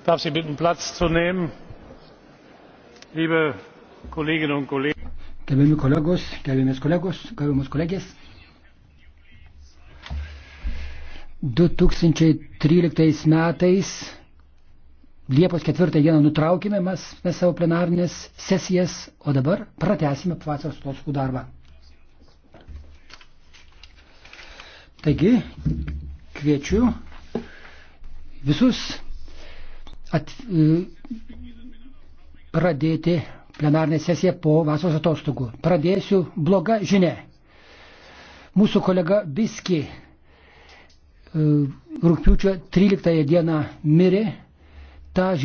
ich darf sie bitten platz zu nehmen. liebe kolleginnen und kollegen gerbiami kolegos gerbiamis kolegos gerbiamos kolegės 2013 metais Liepos 4 dieną nutraukime mes, mes savo plenarnės sesijas, o dabar pratesime vasaros atostogų darbą. Taigi, kviečiu visus at, e, pradėti plenarinę sesiją po vasaros atostogų. Pradėsiu bloga žinia. Mūsų kolega Biski e, rūpiučio 13 dieną mirė. Ta